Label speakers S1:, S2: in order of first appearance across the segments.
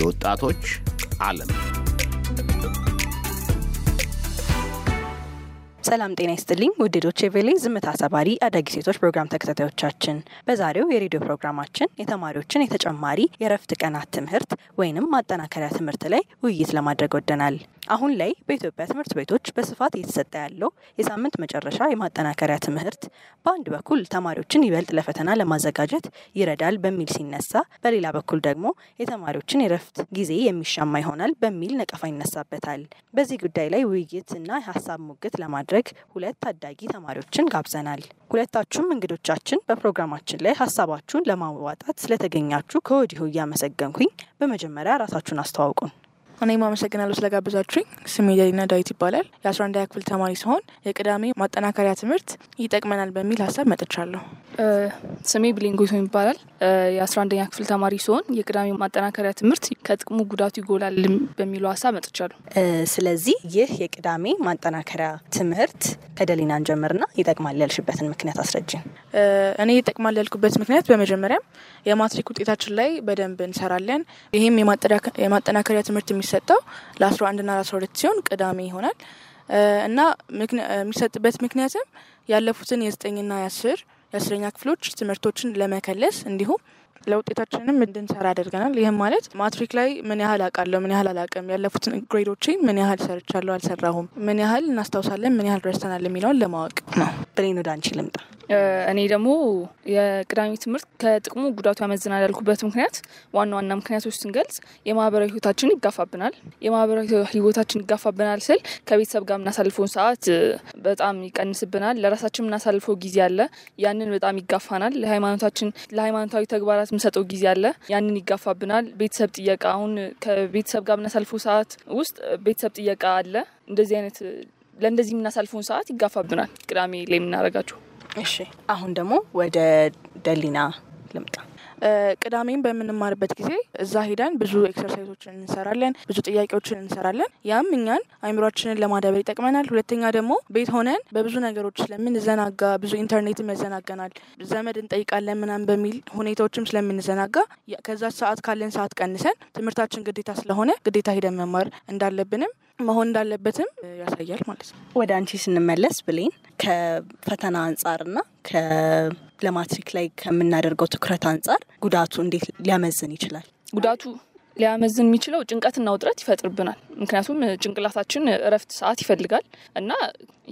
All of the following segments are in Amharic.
S1: የወጣቶች ዓለም ሰላም ጤና ይስጥልኝ። ውድ የቬሌ ዝምታ ሰባሪ አዳጊ ሴቶች ፕሮግራም ተከታታዮቻችን፣ በዛሬው የሬዲዮ ፕሮግራማችን የተማሪዎችን የተጨማሪ የረፍት ቀናት ትምህርት ወይንም ማጠናከሪያ ትምህርት ላይ ውይይት ለማድረግ ወደናል። አሁን ላይ በኢትዮጵያ ትምህርት ቤቶች በስፋት እየተሰጠ ያለው የሳምንት መጨረሻ የማጠናከሪያ ትምህርት በአንድ በኩል ተማሪዎችን ይበልጥ ለፈተና ለማዘጋጀት ይረዳል በሚል ሲነሳ፣ በሌላ በኩል ደግሞ የተማሪዎችን የረፍት ጊዜ የሚሻማ ይሆናል በሚል ነቀፋ ይነሳበታል። በዚህ ጉዳይ ላይ ውይይት እና የሀሳብ ሙግት ለማድረግ ሁለት ታዳጊ ተማሪዎችን ጋብዘናል። ሁለታችሁም እንግዶቻችን በፕሮግራማችን ላይ ሀሳባችሁን ለማዋጣት ስለተገኛችሁ ከወዲሁ እያመሰገንኩኝ፣ በመጀመሪያ ራሳችሁን አስተዋውቁን።
S2: እኔም አመሰግናለሁ ስለጋበዛችሁኝ። ስሜ ደሊና ዳዊት ይባላል። 11 ክፍል ተማሪ ሲሆን የቅዳሜ
S3: ማጠናከሪያ ትምህርት ይጠቅመናል በሚል ሀሳብ መጥቻለሁ። ስሜ ብሌንጎይቶም ይባላል። የ11ኛ ክፍል ተማሪ ሲሆን የቅዳሜ ማጠናከሪያ ትምህርት ከጥቅሙ ጉዳቱ ይጎላል በሚለው ሀሳብ መጥቻለሁ። ስለዚህ ይህ የቅዳሜ ማጠናከሪያ ትምህርት
S1: ከደሊና እንጀምርና ይጠቅማል ያልሽበትን ምክንያት አስረጅን።
S2: እኔ ይጠቅማል ያልኩበት ምክንያት በመጀመሪያም የማትሪክ ውጤታችን ላይ በደንብ እንሰራለን። ይህም የማጠናከሪያ ትምህርት የሚ የሚሰጠው ለአስራ 11 ና ለ12 ሲሆን ቅዳሜ ይሆናል እና የሚሰጥበት ምክንያትም ያለፉትን የዘጠኝና የአስር የአስረኛ ክፍሎች ትምህርቶችን ለመከለስ እንዲሁም ለውጤታችንም እንድንሰራ አድርገናል ይህም ማለት ማትሪክ ላይ ምን ያህል አውቃለሁ፣ ምን ያህል አላውቅም፣ ያለፉትን ግሬዶችን ምን ያህል ሰርቻለሁ፣ አልሰራሁም፣ ምን ያህል እናስታውሳለን፣ ምን ያህል ረስተናል የሚለውን
S3: ለማወቅ ነው። ብሬን ወደ አንቺ ልምጣ። እኔ ደግሞ የቅዳሜ ትምህርት ከጥቅሙ ጉዳቱ ያመዝናል ያልኩበት ምክንያት ዋና ዋና ምክንያቶች ስንገልጽ የማህበራዊ ህይወታችን ይጋፋብናል። የማህበራዊ ህይወታችን ይጋፋብናል ስል ከቤተሰብ ጋር የምናሳልፈውን ሰዓት በጣም ይቀንስብናል። ለራሳችን የምናሳልፈው ጊዜ አለ፣ ያንን በጣም ይጋፋናል። ለሃይማኖታችን ለሃይማኖታዊ ተግባራት የምንሰጠው ጊዜ አለ፣ ያንን ይጋፋብናል። ቤተሰብ ጥየቃ፣ አሁን ከቤተሰብ ጋር የምናሳልፈው ሰዓት ውስጥ ቤተሰብ ጥየቃ አለ። እንደዚህ አይነት ለእንደዚህ የምናሳልፈውን ሰዓት ይጋፋብናል። ቅዳሜ ላይ
S1: የምናደርጋቸው እሺ አሁን ደግሞ ወደ ደሊና ልምጣ።
S2: ቅዳሜን በምንማርበት ጊዜ እዛ ሄደን ብዙ ኤክሰርሳይዞችን እንሰራለን፣ ብዙ ጥያቄዎችን እንሰራለን። ያም እኛን አይምሯችንን ለማዳበር ይጠቅመናል። ሁለተኛ ደግሞ ቤት ሆነን በብዙ ነገሮች ስለምንዘናጋ ብዙ ኢንተርኔት ያዘናገናል፣ ዘመድ እንጠይቃለን ምናም በሚል ሁኔታዎችም ስለምንዘናጋ ከዛ ሰዓት ካለን ሰዓት ቀንሰን ትምህርታችን ግዴታ ስለሆነ ግዴታ ሄደን መማር እንዳለብንም መሆን እንዳለበትም ያሳያል ማለት ነው። ወደ አንቺ ስንመለስ ብሌን
S1: ከፈተና አንጻርና ለማትሪክ ላይ ከምናደርገው ትኩረት አንጻር ጉዳቱ እንዴት ሊያመዝን ይችላል?
S3: ጉዳቱ ሊያመዝን የሚችለው ጭንቀትና ውጥረት ይፈጥርብናል። ምክንያቱም ጭንቅላታችን እረፍት ሰዓት ይፈልጋል እና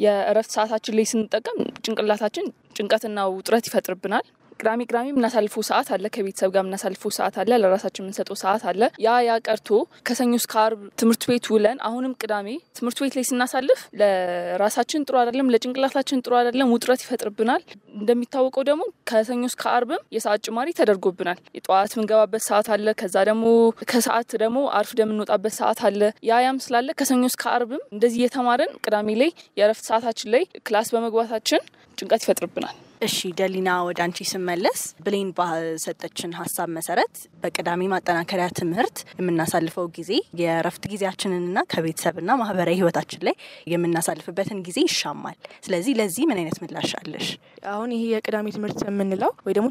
S3: የእረፍት ሰዓታችን ላይ ስንጠቀም ጭንቅላታችን ጭንቀትና ውጥረት ይፈጥርብናል። ቅዳሜ ቅዳሜ የምናሳልፈው ሰዓት አለ፣ ከቤተሰብ ጋር የምናሳልፈው ሰዓት አለ፣ ለራሳችን የምንሰጠው ሰዓት አለ። ያ ያ ቀርቶ ከሰኞ እስከ አርብ ትምህርት ቤት ውለን አሁንም ቅዳሜ ትምህርት ቤት ላይ ስናሳልፍ ለራሳችን ጥሩ አይደለም፣ ለጭንቅላታችን ጥሩ አይደለም፣ ውጥረት ይፈጥርብናል። እንደሚታወቀው ደግሞ ከሰኞ እስከ አርብም የሰዓት ጭማሪ ተደርጎብናል። የጠዋት የምንገባበት ሰዓት አለ፣ ከዛ ደግሞ ከሰዓት ደግሞ አርፍ ደምንወጣበት ሰዓት አለ። ያ ያም ስላለ ከሰኞ እስከ አርብም እንደዚህ እየተማርን ቅዳሜ ላይ የእረፍት ሰዓታችን ላይ ክላስ በመግባታችን ጭንቀት ይፈጥርብናል። እሺ
S1: ደሊና፣ ወደ አንቺ ስመለስ ብሌን ባሰጠችን ሀሳብ መሰረት በቅዳሜ ማጠናከሪያ ትምህርት የምናሳልፈው ጊዜ የእረፍት ጊዜያችንንና ከቤተሰብና ማህበራዊ ህይወታችን ላይ የምናሳልፍበትን ጊዜ ይሻማል። ስለዚህ
S2: ለዚህ ምን አይነት ምላሽ አለሽ? አሁን ይሄ የቅዳሜ ትምህርት የምንለው ወይ ደግሞ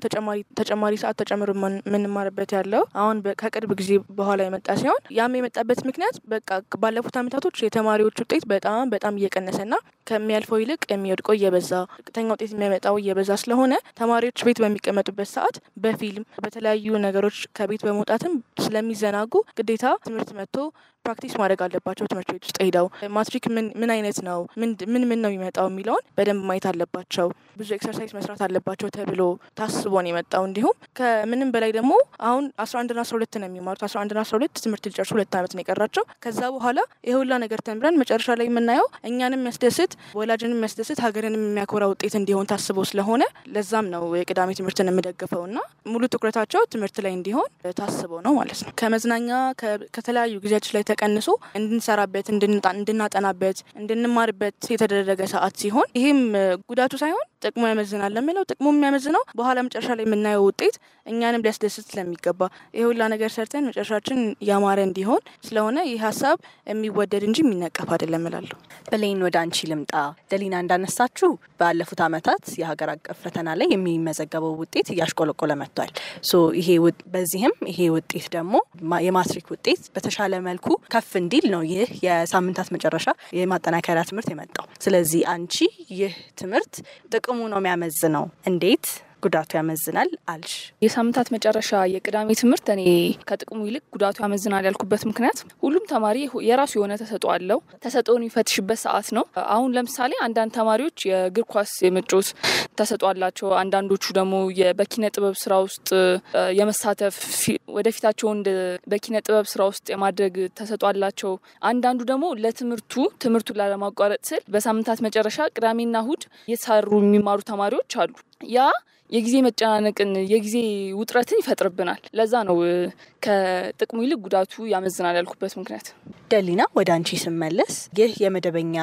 S2: ተጨማሪ ሰዓት ተጨምሮ የምንማርበት ያለው አሁን ከቅርብ ጊዜ በኋላ የመጣ ሲሆን ያም የመጣበት ምክንያት በቃ ባለፉት አመታቶች የተማሪዎች ውጤት በጣም በጣም እየቀነሰና ከሚያልፈው ይልቅ የሚወድቀው እየበዛ ቅተኛ ውጤት የሚያመጣው እየበዛ ስለሆነ ተማሪዎች ቤት በሚቀመጡበት ሰዓት በፊልም በተለያዩ ነገሮች ከቤት በመውጣትም ስለሚዘናጉ ግዴታ ትምህርት መጥቶ ፕራክቲስ ማድረግ አለባቸው። ትምህርት ቤት ውስጥ ሄደው ማትሪክ ምን አይነት ነው ምን ምን ነው የሚመጣው የሚለውን በደንብ ማየት አለባቸው። ብዙ ኤክሰርሳይዝ መስራት አለባቸው ተብሎ ታስቦ ነው የመጣው። እንዲሁም ከምንም በላይ ደግሞ አሁን አስራ አንድና አስራ ሁለት ነው የሚማሩት። አስራ አንድና አስራ ሁለት ትምህርት ሊጨርሱ ሁለት ዓመት ነው የቀራቸው። ከዛ በኋላ የሁላ ነገር ተምረን መጨረሻ ላይ የምናየው እኛንም ያስደስት ወላጅንም የሚያስደስት ሀገርንም የሚያኮራ ውጤት እንዲሆን ታስቦ ስለሆነ ለዛም ነው የቅዳሜ ትምህርትን የምደግፈው እና ሙሉ ትኩረታቸው ትምህርት ላይ እንዲሆን ታስቦ ነው ማለት ነው። ከመዝናኛ ከተለያዩ ጊዜያችን ላይ ተቀንሶ እንድንሰራበት፣ እንድናጠናበት፣ እንድንማርበት የተደረገ ሰዓት ሲሆን ይህም ጉዳቱ ሳይሆን ጥቅሙ ያመዝናል ለሚለው ጥቅሙ የሚያመዝነው በኋላ መጨረሻ ላይ የምናየው ውጤት እኛንም ሊያስደስት ስለሚገባ ይህ ሁላ ነገር ሰርተን መጨረሻችን ያማረ እንዲሆን ስለሆነ ይህ ሀሳብ የሚወደድ እንጂ የሚነቀፍ አይደለም እላለሁ። ብሌን ወደ አንቺ ልምጣ። ደሊና እንዳነሳችሁ
S1: ባለፉት ዓመታት የሀገር አቀፍ ፈተና ላይ የሚመዘገበው ውጤት እያሽቆለቆለ መጥቷል። ይሄ በዚህም ይሄ ውጤት ደግሞ የማትሪክ ውጤት በተሻለ መልኩ ከፍ እንዲል ነው ይህ የሳምንታት መጨረሻ የማጠናከሪያ ትምህርት የመጣው። ስለዚህ አንቺ ይህ ትምህርት ጥቅ ጥቅሙ ነው የሚያመዝነው። እንዴት ጉዳቱ ያመዝናል አልሽ።
S3: የሳምንታት መጨረሻ የቅዳሜ ትምህርት እኔ ከጥቅሙ ይልቅ ጉዳቱ ያመዝናል ያልኩበት ምክንያት ሁሉም ተማሪ የራሱ የሆነ ተሰጦ አለው። ተሰጥኦን የሚፈትሽበት ሰዓት ነው። አሁን ለምሳሌ አንዳንድ ተማሪዎች የእግር ኳስ የመጮት ተሰጦ አላቸው። አንዳንዶቹ ደግሞ በኪነ ጥበብ ስራ ውስጥ የመሳተፍ ወደፊታቸውን በኪነ ጥበብ ስራ ውስጥ የማድረግ ተሰጦ አላቸው። አንዳንዱ ደግሞ ለትምህርቱ ትምህርቱን ላለማቋረጥ ስል በሳምንታት መጨረሻ ቅዳሜና እሁድ እየተሳሩ የሚማሩ ተማሪዎች አሉ። ያ የጊዜ መጨናነቅን የጊዜ ውጥረትን ይፈጥርብናል። ለዛ ነው ከጥቅሙ ይልቅ ጉዳቱ ያመዝናል ያልኩበት ምክንያት።
S1: ደሊና፣ ወደ አንቺ ስመለስ ይህ የመደበኛ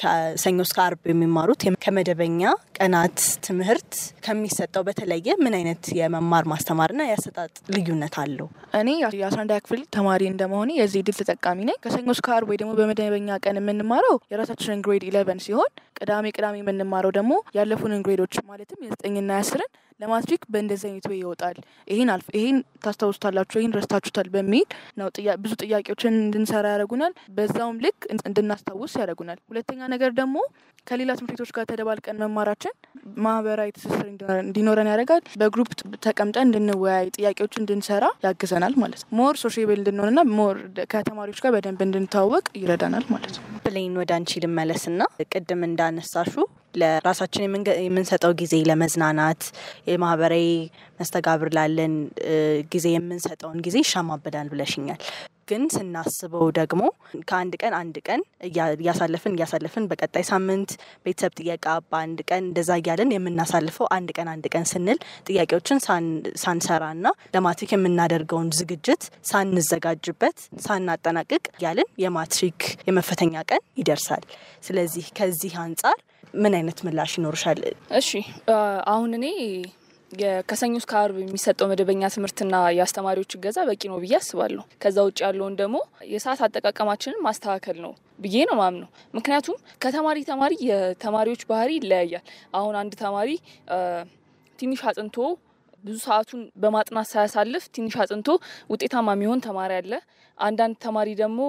S1: ከሰኞ እስከ አርብ የሚማሩት ከመደበኛ ቀናት ትምህርት ከሚሰጠው በተለየ ምን አይነት የመማር ማስተማርና የአሰጣጥ ልዩነት አለው?
S2: እኔ የአስራ ክፍል ተማሪ እንደመሆኔ የዚህ ድል ተጠቃሚ ነኝ። ከሰኞ እስከ አርብ ወይ ደግሞ በመደበኛ ቀን የምንማረው የራሳችንን ግሬድ ኢለቨን ሲሆን ቅዳሜ ቅዳሜ የምንማረው ደግሞ ያለፉንን ግሬዶች ማለትም ዘጠኝና አስርን ለማትሪክ በእንደዚህ አይነት ወይ ይወጣል፣ ይሄን አልፍ ይሄን ታስታውሱታላችሁ፣ ይሄን ረስታችሁታል በሚል ነው ብዙ ጥያቄዎችን እንድንሰራ ያደረጉናል። በዛውም ልክ እንድናስታውስ ያደረጉናል። ሁለተኛ ነገር ደግሞ ከሌላ ትምህርት ቤቶች ጋር ተደባልቀን መማራችን ማህበራዊ ትስስር እንዲኖረን ያደርጋል። በግሩፕ ተቀምጠን እንድንወያይ፣ ጥያቄዎች እንድንሰራ ያግዘናል ማለት ነው። ሞር ሶሽቤል እንድንሆንና ሞር ከተማሪዎች ጋር በደንብ እንድንተዋወቅ ይረዳናል ማለት ነው። ብሌን ወደ አንቺ ልመለስና ቅድም እንዳነሳሹ
S1: ለራሳችን የምንሰጠው ጊዜ ለመዝናናት፣ የማህበራዊ መስተጋብር ላለን ጊዜ የምንሰጠውን ጊዜ ይሻማበዳል ብለሽኛል። ግን ስናስበው ደግሞ ከአንድ ቀን አንድ ቀን እያሳለፍን እያሳለፍን በቀጣይ ሳምንት ቤተሰብ ጥያቄ በአንድ ቀን እንደዛ እያለን የምናሳልፈው አንድ ቀን አንድ ቀን ስንል ጥያቄዎችን ሳንሰራና ለማትሪክ የምናደርገውን ዝግጅት ሳንዘጋጅበት ሳናጠናቅቅ እያልን የማትሪክ የመፈተኛ ቀን ይደርሳል። ስለዚህ ከዚህ አንጻር ምን አይነት ምላሽ ይኖርሻል?
S3: እሺ አሁን እኔ ከሰኞ እስከ አርብ የሚሰጠው መደበኛ ትምህርትና የአስተማሪዎች እገዛ በቂ ነው ብዬ አስባለሁ። ከዛ ውጭ ያለውን ደግሞ የሰዓት አጠቃቀማችንን ማስተካከል ነው ብዬ ነው ማምነው። ምክንያቱም ከተማሪ ተማሪ የተማሪዎች ባህሪ ይለያያል። አሁን አንድ ተማሪ ትንሽ አጥንቶ ብዙ ሰዓቱን በማጥናት ሳያሳልፍ ትንሽ አጥንቶ ውጤታማ የሚሆን ተማሪ አለ። አንዳንድ ተማሪ ደግሞ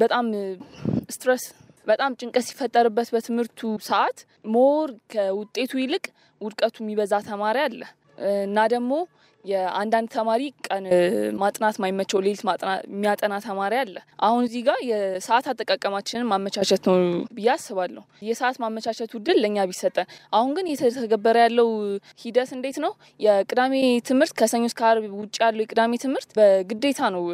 S3: በጣም ስትረስ በጣም ጭንቀት ሲፈጠርበት በትምህርቱ ሰዓት ሞር ከውጤቱ ይልቅ ውድቀቱ የሚበዛ ተማሪ አለ እና ደግሞ የአንዳንድ ተማሪ ቀን ማጥናት ማይመቸው ሌሊት የሚያጠና ተማሪ አለ። አሁን እዚህ ጋር የሰዓት አጠቃቀማችንን ማመቻቸት ነው ብዬ አስባለሁ። የሰዓት ማመቻቸቱ እድል ለእኛ ቢሰጠን። አሁን ግን እየተተገበረ ያለው ሂደት እንዴት ነው? የቅዳሜ ትምህርት ከሰኞ እስከ ዓርብ ውጭ ያለው የቅዳሜ ትምህርት በግዴታ ነው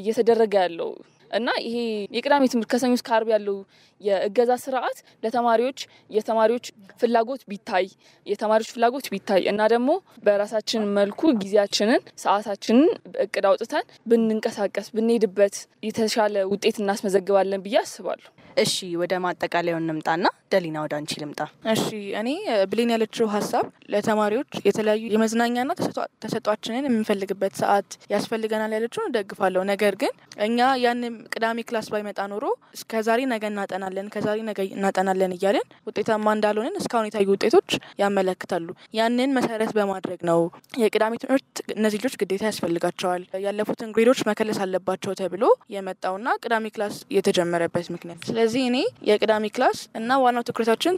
S3: እየተደረገ ያለው እና ይሄ የቅዳሜ ትምህርት ከሰኞ እስከ አርብ ያለው የእገዛ ስርዓት ለተማሪዎች የተማሪዎች ፍላጎት ቢታይ የተማሪዎች ፍላጎት ቢታይ እና ደግሞ በራሳችን መልኩ ጊዜያችንን ሰዓታችንን እቅድ አውጥተን ብንንቀሳቀስ ብንሄድበት የተሻለ ውጤት እናስመዘግባለን ብዬ አስባለሁ። እሺ ወደ ማጠቃለያውን እንምጣና ደሊና ወደ አንቺ ልምጣ።
S2: እሺ እኔ ብሌን ያለችው ሀሳብ ለተማሪዎች የተለያዩ የመዝናኛና ተሰጧችንን የምንፈልግበት ሰዓት ያስፈልገናል ያለችውን እደግፋለሁ። ነገር ግን እኛ ያንም ቅዳሜ ክላስ ባይመጣ ኖሮ ከዛሬ ነገ እናጠናለን፣ ከዛሬ ነገ እናጠናለን እያለን ውጤታማ እንዳልሆንን እስካሁን የታዩ ውጤቶች ያመለክታሉ። ያንን መሰረት በማድረግ ነው የቅዳሜ ትምህርት እነዚህ ልጆች ግዴታ ያስፈልጋቸዋል፣ ያለፉትን ግሬዶች መከለስ አለባቸው ተብሎ የመጣውና ቅዳሜ ክላስ የተጀመረበት ምክንያት ስለዚህ እኔ የቅዳሜ ክላስ እና ዋናው ትኩረታችን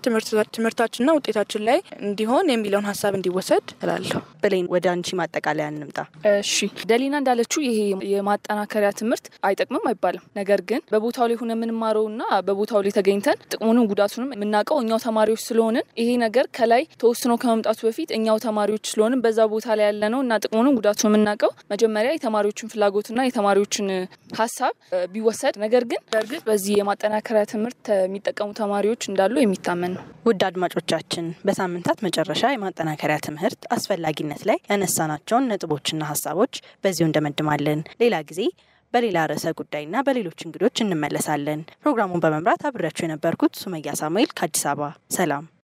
S2: ትምህርታችንና
S3: ውጤታችን ላይ እንዲሆን የሚለውን ሀሳብ እንዲወሰድ እላለሁ። ብሌን ወደ አንቺ ማጠቃለያ እንምጣ። እሺ ደሊና እንዳለችው ይሄ የማጠናከሪያ ትምህርት አይጠቅምም አይባልም። ነገር ግን በቦታው ላይ ሆነ የምንማረውና በቦታው ላይ ተገኝተን ጥቅሙንም ጉዳቱንም የምናውቀው እኛው ተማሪዎች ስለሆንን ይሄ ነገር ከላይ ተወስኖ ከመምጣቱ በፊት እኛው ተማሪዎች ስለሆንን በዛ ቦታ ላይ ያለ ነው እና ጥቅሙንም ጉዳቱን የምናውቀው መጀመሪያ የተማሪዎችን ፍላጎትና የተማሪዎችን ሀሳብ ቢወሰድ ነገር ግን በእርግጥ በዚህ የማጠናከ ለአከራያ ትምህርት የሚጠቀሙ ተማሪዎች እንዳሉ የሚታመን ነው።
S1: ውድ አድማጮቻችን በሳምንታት መጨረሻ የማጠናከሪያ ትምህርት አስፈላጊነት ላይ ያነሳናቸውን ነጥቦችና ሀሳቦች በዚሁ እንደመድማለን። ሌላ ጊዜ በሌላ ርዕሰ ጉዳይና በሌሎች እንግዶች እንመለሳለን። ፕሮግራሙን በመምራት አብሬያቸው የነበርኩት ሱመያ ሳሙኤል ከአዲስ አበባ ሰላም።